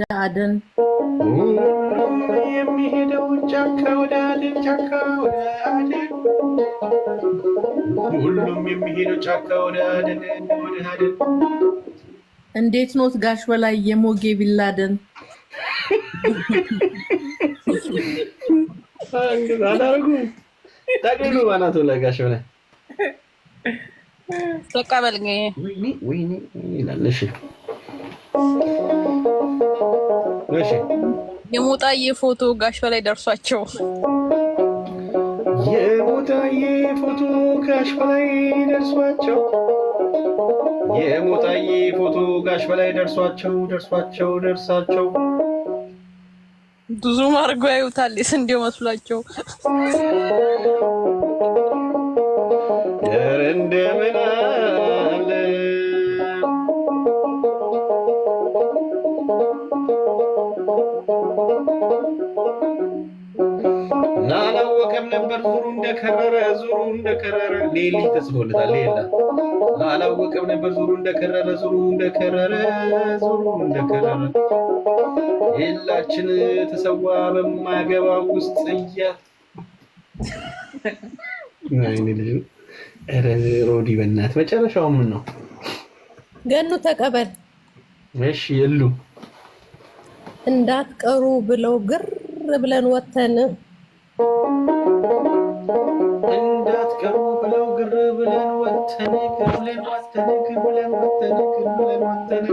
ወደ አደን የሚሄደው ጫካ ወደ አደን ጫካ ወደ አደን ሁሉም የሚሄደው ጫካ ወደ አደን ወደ አደን። እንዴት ኖት ጋሽ በላይ የሞጌ ቢላደን አላረጉም ጠቅሉ ባናቱ ላይ ጋሽ በላይ ተቀበልኝ ወይኔ ወይኔ ይላለሽ የሞጣዬ ፎቶ ጋሽ በላይ ደርሷቸው የሞጣዬ ፎቶ ጋሽ በላይ ደርሷቸው የሞጣዬ ፎቶ ጋሽ በላይ ደርሷቸው ደርሷቸው ደርሳቸው ብዙም አድርጎ ያዩታል። ስንዴው መስሏቸው እንደምን አለ እና አላወቀም ነበር ዙሩ እንደከረረ ዙሩ እንደከረረ ሌሊት ተጽፎለታል። ሌላ አላወቀም ነበር ዙሩ እንደከረረ ዙሩ እንደከረረ ዙሩ እንደከረረ ሌላችን ተሰዋ በማገባ ውስጥ እያ ሮዲ በናት መጨረሻው ምን ነው ገኑ ተቀበል እሺ የሉ እንዳትቀሩ ብለው ግር ብለን ወተን እንዳትቀሩ ብለው ግር ብለን ወተን ክብለን ወተን ወተን ወተን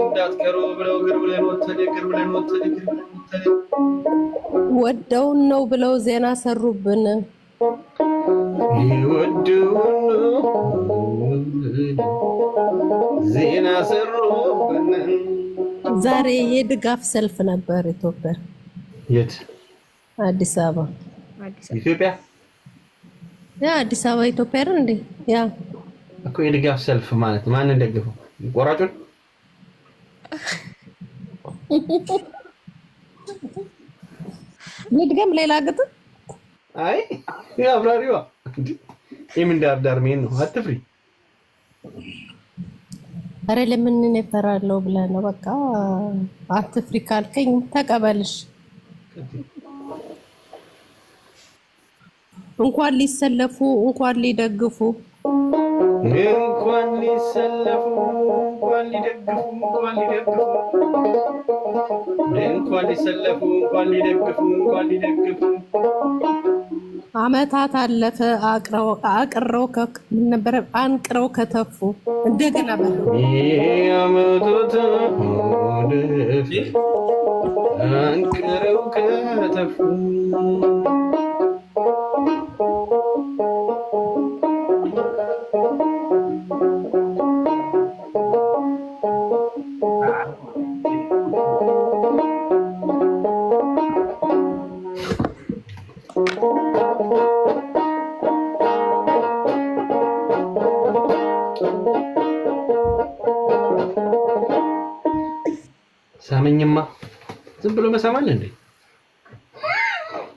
እንዳትቀሩ ብለው ግር ብለን ወተን ግር ብለን ወተን ግር ብለን ወተን ወደውን ነው ብለው ዜና ሰሩብን። ወደውን ነው ዜና ሰሩብን ዛሬ ይሄ ድጋፍ ሰልፍ ነበር ኢትዮጵያ። የት? አዲስ አበባ ኢትዮጵያ። ያ አዲስ አበባ ኢትዮጵያ አይደል እንዴ? ያ እኮ የድጋፍ ሰልፍ ማለት ማንን ደግፈው? ቆራጩን ልድገም፣ ሌላ ግጥም። አይ አብራሪዋ ይህ ምን ዳርዳር ሜን ነው። አትፍሪ አረ ለምን እፈራለሁ ብላ ነው። በቃ አትፍሪ ካልከኝ ተቀበልሽ። እንኳን ሊሰለፉ እንኳን ሊደግፉ እንኳን ሊሰለፉ እንኳን ሊደግፉ እንኳን ሊደግፉ እንኳን ሊሰለፉ እንኳን ሊደግፉ እንኳን ሊደግፉ አመታት አለፈ። አንቅረው ከተፉ እንደገና አንቅረው ከተፉ ሳመኝማ ዝም ብሎ መሳማል እንዴ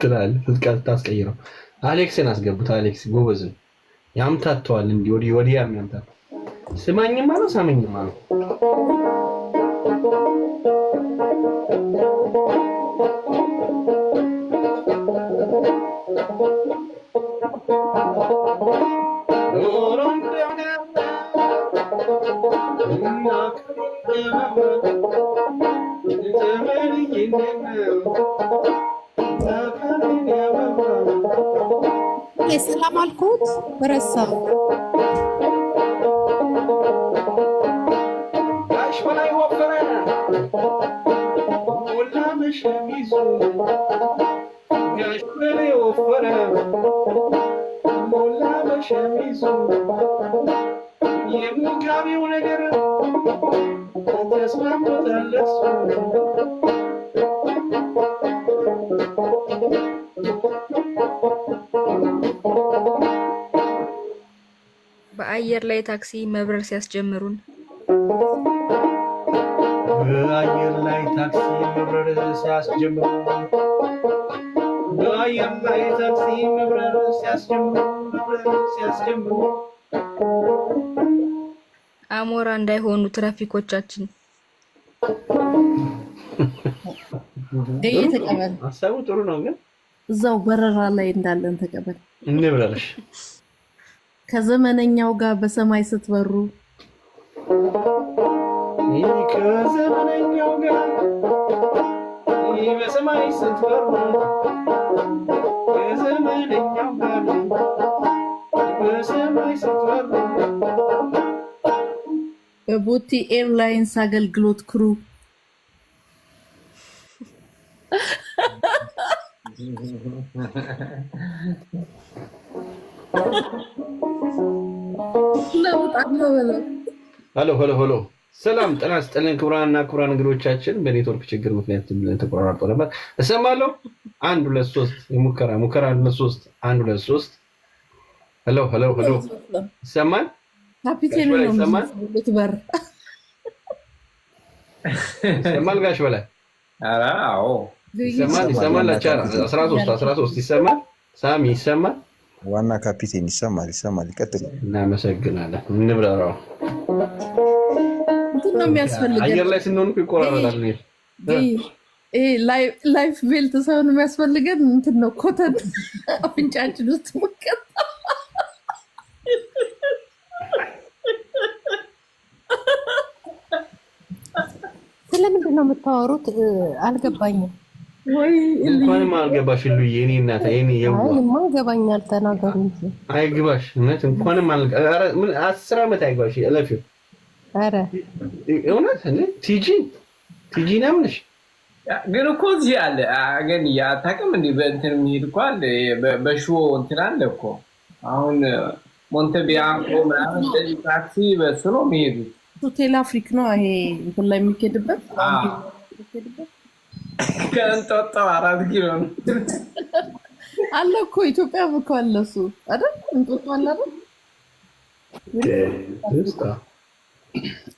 ትላል። ፍቃድ ታስቀይረው። አሌክስን አስገቡት። አሌክስ ጎበዝን ያምታተዋል። እንዲ ወዲያም የሚያምታተው ስማኝማ ነው ሳመኝማ ነው። የሰላም አልኩት ረሳው በላይ ወፈረ ሞላ መሸሚዙ ወፈረ ሞላ መሸሚዙ የሙካቢው ነገር በአየር ላይ ታክሲ መብረር ሲያስጀምሩን በአየር ላይ ታክሲ መብረር ሲያስጀምሩን በአየር ላይ ታክሲ መብረር ሲያስጀምሩ አሞራ እንዳይሆኑ ትራፊኮቻችን ተቀበል። ሀሳቡ ጥሩ ነው፣ ግን እዛው በረራ ላይ እንዳለን ተቀበል። እንብላለሽ ከዘመነኛው ጋር በሰማይ ስትበሩ ከዘመነኛው ጋር በሰማይ ስትበሩ ከዘመነኛው ጋር በሰማይ ስትበሩ በቦቲ ኤርላይንስ አገልግሎት ክሩ ሄሎ ሄሎ ሄሎ ሰላም ጤና ይስጥልን ክቡራንና ክቡራን እንግዶቻችን በኔትወርክ ችግር ምክንያት ተቆራርጦ ነበር እሰማለሁ አንድ ሁለት ሶስት ሙከራ ሙከራ አንድ ሁለት ሶስት አንድ ሁለት ሶስት ሎ ሎ ሎ ይሰማል ካፒቴኑ ነው በር ይሰማል። ጋሽ በላይ አዎ፣ ይሰማል ይሰማል። አስራ ሦስት አስራ ሦስት ይሰማል። ሳሚ ይሰማል። ዋና ካፒቴን ይሰማል ይሰማል። ይቀጥል። እናመሰግናለን። እንብረራው እንትን ነው የሚያስፈልገን። አየር ላይ ስንሆን ይቆራረጣል። ላይፍ ቤልት ሰውን የሚያስፈልገን እንትን ነው ኮተት አፍንጫችን ውስጥ መቀጣ ስለምንድን ነው የምታወሩት? አልገባኝም። እንኳንም አልገባሽ ሉዬ፣ እኔ እናት ይሄን የዋ ይገባኛል። ተናገሩ እንጂ አይግባሽ። እውነት እንኳንም አስር ዓመት አይግባሽ። እለፊው ኧረ እውነት ቲጂ ቲጂ ናምንሽ ግን እኮ እዚህ አለ ግን አታውቅም። እንዲ በእንትን የሚሄድ እኮ አለ በሽዎ እንትን አለ እኮ አሁን ሞንቴቢያንኮ ምናምን ታክሲ በስሎ ነው የሚሄዱት ሆቴል አፍሪክ ነው ይሄ እንትን ላይ የሚኬድበት ከእንጦጦ አራት ኪሎ አለ እኮ ኢትዮጵያ ብኮ አለ እሱ አይደል? እንጦጦ አለ አይደል?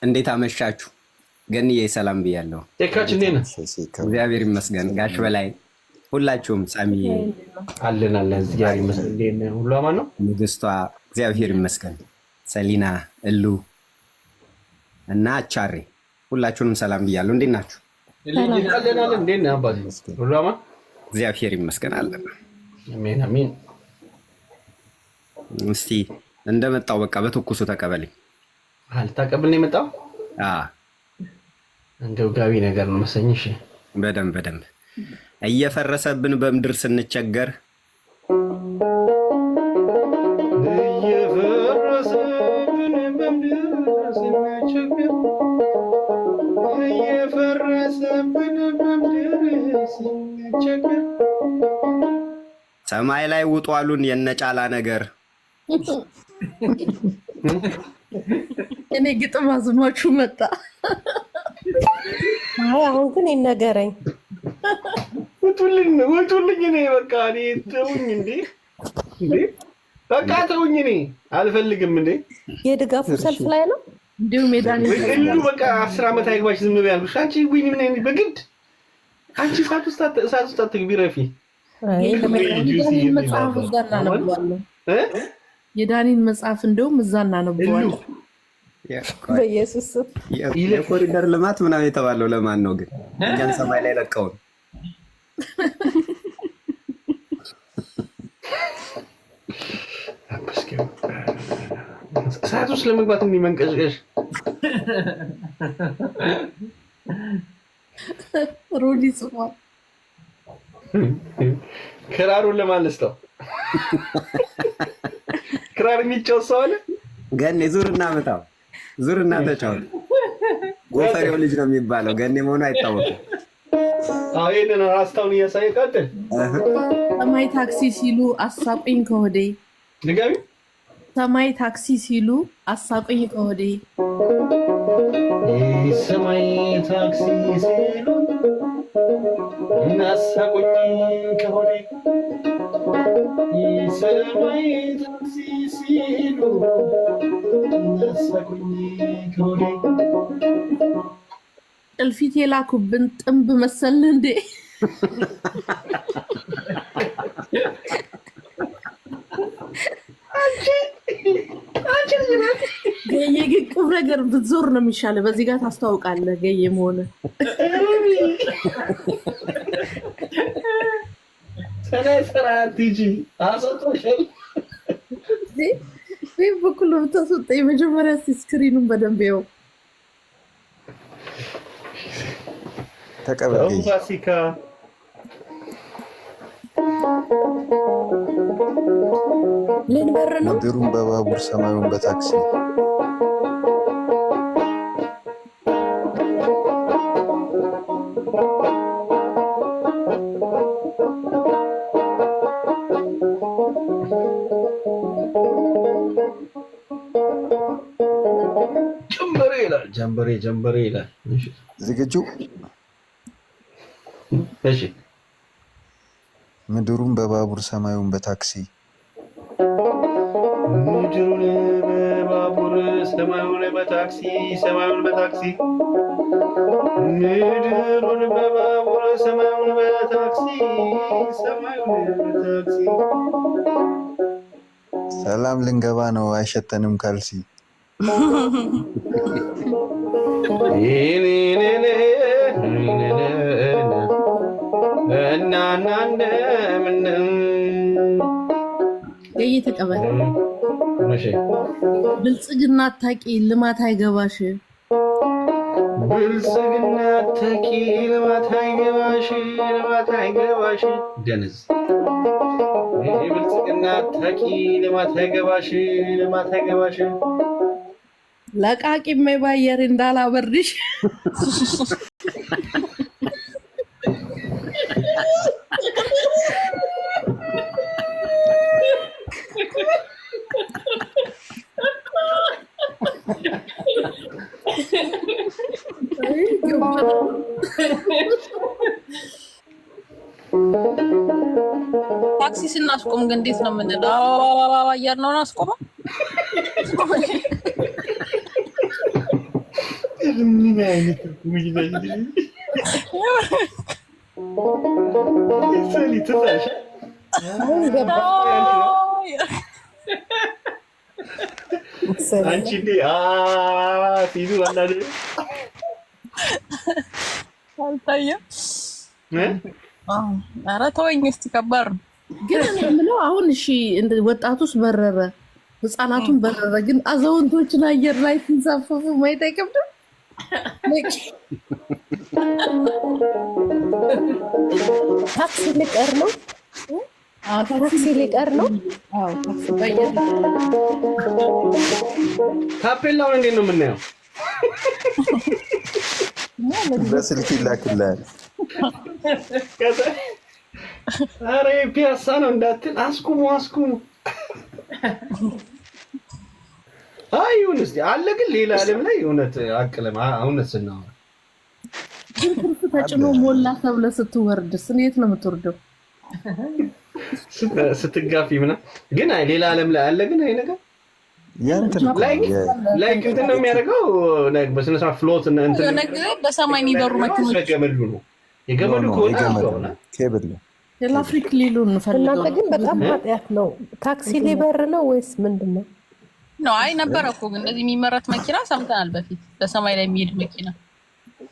እንዴት አመሻችሁ? ገንዬ ሰላም ብያለሁ። እግዚአብሔር ይመስገን። ጋሽ በላይ ሁላችሁም፣ ሳሚ አለን አለን። እግዚአብሔር ይመስገን። ሁሉ አማን ነው። ንግስቷ እግዚአብሔር ይመስገን። ሰሊና እሉ እና አቻሬ ሁላችሁንም ሰላም ብያለሁ። እንዴት ናችሁ? እግዚአብሔር ይመስገን አለን። እስቲ እንደመጣው በቃ በትኩሱ ተቀበልኝ። አልታቀብል ነው የመጣው ጋቢ ነገር ነው መሰኝ። በደንብ በደንብ እየፈረሰብን በምድር ስንቸገር ሰማይ ላይ ውጧሉን የነጫላ ነገር። እኔ ግጥም አዝማቹ መጣ። አሁን ግን ይነገረኝ ውጡልኝ፣ ውጡልኝ። እኔ በቃ እኔ ተውኝ እንዴ! እንዴ! በቃ ተውኝ። እኔ አልፈልግም እንዴ! የድጋፉ ሰልፍ ላይ ነው እንዲሁም ሉ በቃ አስር ዓመት አይግባሽ ዝም በይ አልኩሽ። አንቺ ዊኒ ምን አይነት በግድ አንቺ እሳት ውስጥ እሳት ውስጥ አትግቢ ረፊ። የዳኒን መጽሐፍ እንደውም እዛ እናነበዋለን። በኢየሱስ የኮሪደር ልማት ምናምን የተባለው ለማን ነው ግን? እኛን ሰማይ ላይ ለቀውን እሳት ውስጥ ለመግባት የሚመንቀሽቀሽ ሮሊ ጽፏል። ክራሩን ለማለስተው ክራር የሚጫወት ሰው አለ። ገኔ ዙርና ምታው ዙርና ተጫወት። ጎፈሬው ልጅ ነው የሚባለው። ገኔ መሆኑ አይታወቅም። ይህንን ራስታውን እያሳየ ቃጥል ሰማይ ታክሲ ሲሉ አሳቁኝ ከሆዴ ድጋሚ ሰማይ ታክሲ ሲሉ አሳቁኝ ከሆዴ ሰማይ ታክሲ ሲሉ ከሆዴ ሰማይ ታክሲ ሲሉ ከሆዴ ጥልፊት የላኩብን ጥንብ መሰል እንዴ? ገዬ ግን ቁም ነገር ብትዞር ነው የሚሻለው። በዚህ ጋር ታስተዋውቃለህ ገዬ መሆነ ይህ በኩል የመጀመሪያ ስክሪኑን በደንብ ው ተቀበል ፋሲካ ልንበር ነው። ምድሩን በባቡር ሰማዩን በታክሲ ጀንበሬ ጀንበሬ ይላል። ዝግጁ እሺ ምድሩን በባቡር ሰማዩን በታክሲ ምድሩን በባቡር ሰማዩን በታክሲ ሰማዩን በታክሲ ምድሩን በባቡር ሰማዩን በታክሲ ሰማዩን በታክሲ ሰላም ልንገባ ነው አይሸተንም ካልሲ እየተቀበለ ብልጽግና አታቂ ልማት አይገባሽ፣ ብልጽግና አታቂ ልማት አይገባሽ፣ ልማት አይገባሽ፣ ደነዝ ብልጽግና አታቂ ልማት አይገባሽ፣ ልማት አይገባሽ ለቃቂ ሜባየር እንዳላበርሽ ታክሲ ስናስቆም ግን እንዴት ነው የምንለው? አየር ነው እናስቆመው። ምን አይነት ኧረ ተወኝ እስኪ ከባድ ነው። ግን የምለው አሁን እሺ ወጣቱስ በረረ፣ ህፃናቱን በረረ፣ ግን አዛውንቶችን አየር ላይ ሲንሳፈፉ ማየት አይከብድም? ታክሲ ልቀር ነው፣ ታክሲ ሊቀር ነው። ታፔላውን እንዴት ነው የምናየው? በስልክ ይላክላል። ኧረ ፒያሳ ነው እንዳትል፣ አስኩሙ አስኩሙ። አይ ይሁን እስኪ አለ ግን ሌላ ዓለም ላይ እውነት አቅለም እውነት ስናወራ ግን ተጭኖ ሞላ ተብለ ስትወርድ ስንየት ነው የምትወርደው? ስትጋፊ ምና ግን ሌላ ዓለም ላይ አለ። ግን እንትን ነው የሚያደርገው ፍሎት በሰማይ የሚበሩ መኪኖች ነው የገመዱ ከሆነ ሊሉ እናንተ ግን በጣም ኃጢአት ነው። ታክሲ ሊበር ነው ወይስ ምንድን ነው? አይ ነበረ እኮ ግን እንደዚህ የሚመረት መኪና ሰምተናል በፊት በሰማይ ላይ የሚሄድ መኪና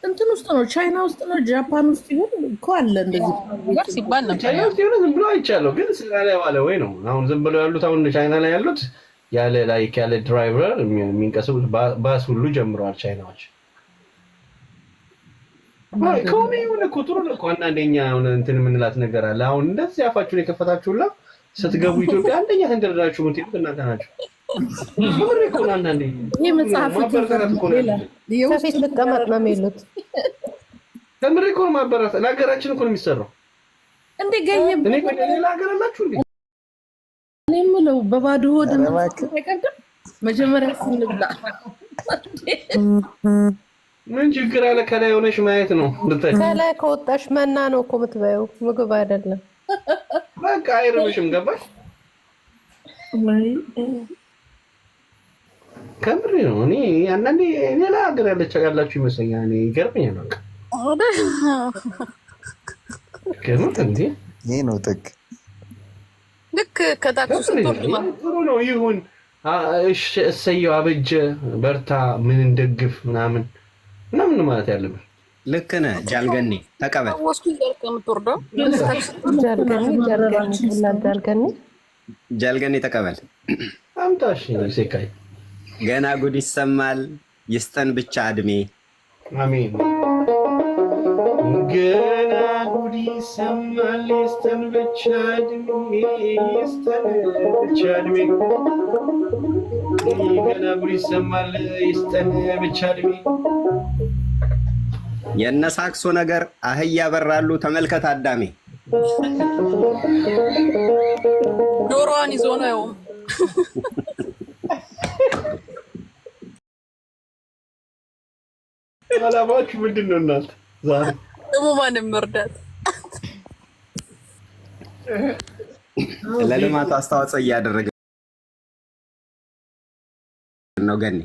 እንትን ውስጥ ነው፣ ቻይና ውስጥ ነው፣ ጃፓን ውስጥ ይሁን እኮ አለ እንደዚህ ሲባል ነበር። ቻይና ውስጥ የሆነ ዝም ብሎ አይቻለሁ፣ ግን ስራ ላይ ዋለ ወይ ነው አሁን። ዝም ብሎ ያሉት አሁን ቻይና ላይ ያሉት ያለ ላይክ ያለ ድራይቨር የሚንቀሳቀሱት ባስ ሁሉ ጀምረዋል ቻይናዎች። ከሆነ የሆነ እኮ ጥሩ ነው እኮ አንዳንደኛ እንትን የምንላት ነገር አለ። አሁን እንደዚህ አፋችሁን የከፈታችሁላ ስትገቡ ኢትዮጵያ አንደኛ ተንደረዳችሁ ምትሄዱት እናንተ ናቸው። ይህ መጽሐፍ ከፊት ልቀመጥ ነው የሚሉት። ተምሬ እኮ ነው ማበራት። ለሀገራችን እኮ ነው የሚሰራው። እንደ ገኘም እኔ የምለው በባዶ ሆድ መጀመሪያ ስንብላ ምን ችግር አለ? ከላይ ሆነሽ ማየት ነው። ከላይ ከወጣሽ መና ነው እኮ የምትበይው ምግብ አይደለም። በቃ አይርብሽም። ገባሽ ከምር ነው። እኔ አንዳንዴ ሌላ ሀገር ያለች ያላችሁ ይመስለኛል። እኔ ይገርመኛል። በቃ ገርምት እንዴ ይህ ነው ጥግ ልክ ከታክሱ ነው። ይሁን እሰየው፣ አበጀ፣ በርታ፣ ምን እንደግፍ ምናምን ምናምን ማለት ያለብን ልክ ነህ። ጃልገኒ ተቀበል ጃልገኒ ተቀበል አምጣሽ ሴካይ ገና ጉድ ይሰማል። ይስጠን ብቻ እድሜ አሜን። ገና ጉድ ይሰማል። ይስጠን ብቻ እድሜ ይስጠን ብቻ እድሜ ገና ጉድ ይሰማል። ይስጠን ብቻ እድሜ ነገር አህያ ያበራሉ። ተመልከት አዳሜ ዶሮዋን ይዞ ነው አላማችሁ ምንድን ነው እናንተ? ዛሬ ደግሞ ማንም መርዳት ለልማት አስተዋጽኦ እያደረገ ነው ገኔ